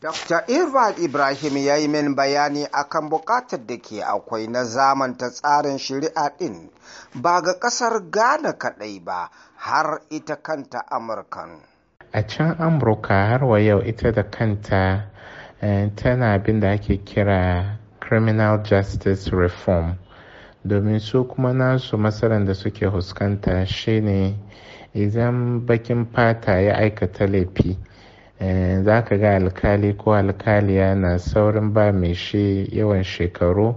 Dr. Irfan Ibrahim ya yi min bayani akan bukatar da ke akwai na zamanta tsarin shari'a ɗin ba ga ƙasar Ghana kaɗai ba har ita kanta Amurkan. A can Amurka har wa yau ita da kanta eh, tana abin da ake kira criminal justice reform domin su kuma nasu matsalar da suke huskanta shine idan bakin fata ya aikata laifi. Eh, za ka ga alkali ko alkaliya na saurin ba mai shi yawan shekaru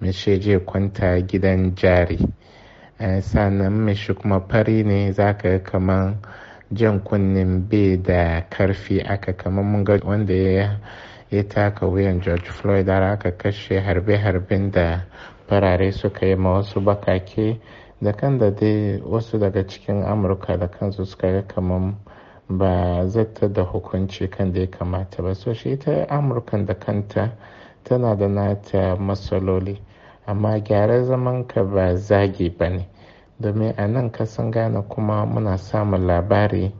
mai shi je kwanta gidan jari eh, sannan mai shi kuma fari ne za ka ga kaman jan kunnen be da karfi aka kaman mun ga wanda ya ya taka wuyan george floyd har aka kashe harbe-harben da farare suka yi ma wasu bakake da kan da dai wasu daga cikin amurka da kansu suka ga kaman ba zata da hukunci kan da ya kamata ba so shi ta amurkan da kanta tana da nata matsaloli amma gyara zamanka ba zagi ba ne domin a nan kasan gane kuma muna samun labari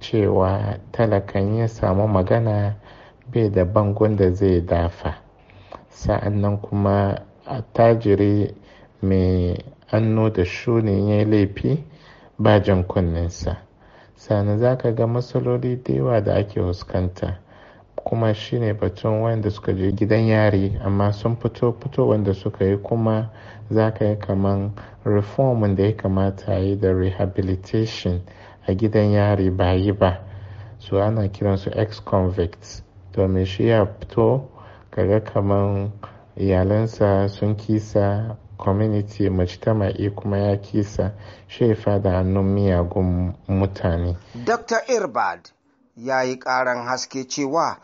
cewa talakan ya samu magana bai da bangon da zai dafa sa'annan kuma a tajiri mai anno da shuni ya laifi ba jan kunninsa sannan za ka ga matsaloli da yawa da ake fuskanta kuma shine batun wanda suka je gidan yari amma sun fito fito wanda suka yi kuma za ka yi kaman reform da ya kamata yi da rehabilitation a gidan yari ba yi ba su ana kiransu ex-convicts domin shi ya fito kaga kaman iyalansa sun kisa community mujtama'i kuma ya kisa shefa da hannun miyagun mutane. Dr. Irbad ya yi ƙaran haske cewa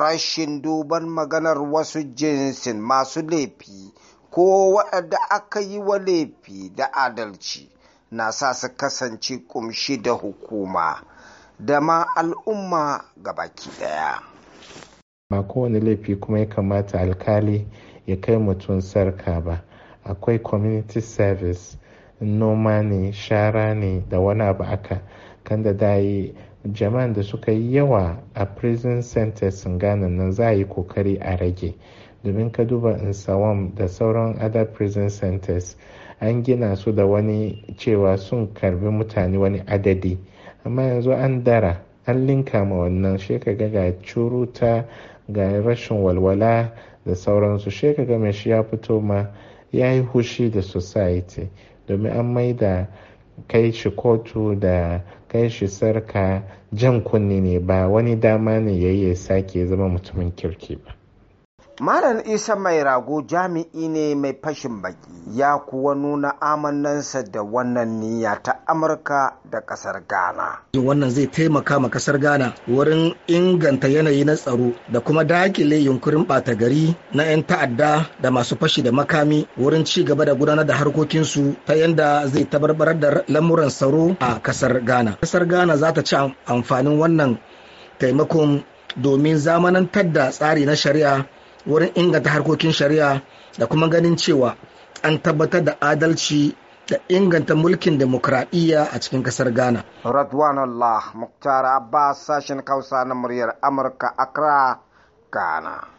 rashin duban maganar wasu jinsin masu laifi ko waɗanda aka yi wa laifi da adalci na sa su kasance ƙumshi da hukuma da ma al'umma baki ɗaya. Ba kowane laifi kuma ya kamata alkali ya kai mutum sarka ba. akwai community service noma ne shara ne da wani abu aka kan da dayi jama'an da suka yi yawa a prison center sun gane nan za a yi kokari a rage domin ka duba in sawam da sauran other prison centers an gina su da wani cewa sun karbi mutane wani adadi amma yanzu an dara an linka ma wannan shekaga ga curuta ga rashin walwala da sauransu shekaga mai shi ya fito ma ya yi hushi da society domin an maida kai shi kotu da kai shi sarka jan kunni ne ba wani dama ne ya yi sake zama mutumin kirki ba Malam Isa mai rago jami'i ne mai fashin baki ya kuwa nuna amannansa da wannan niyya ta Amurka da kasar Ghana. Wannan zai taimaka ma kasar Ghana wurin inganta yanayi na tsaro da kuma dakile yunkurin ɓata gari na 'yan ta'adda da masu fashi da makami wurin ci gaba da gudanar da harkokinsu ta yadda zai tabarbarar da lamuran tsaro a kasar Ghana. Kasar Ghana za ta ci amfanin wannan taimakon domin zamanantar da tsari na shari'a wurin inganta harkokin shari'a da kuma ganin cewa an tabbatar da adalci da inganta mulkin demokradiyya a cikin kasar ghana radwanullah muktar abbas sashen kausa na muryar amurka accra ghana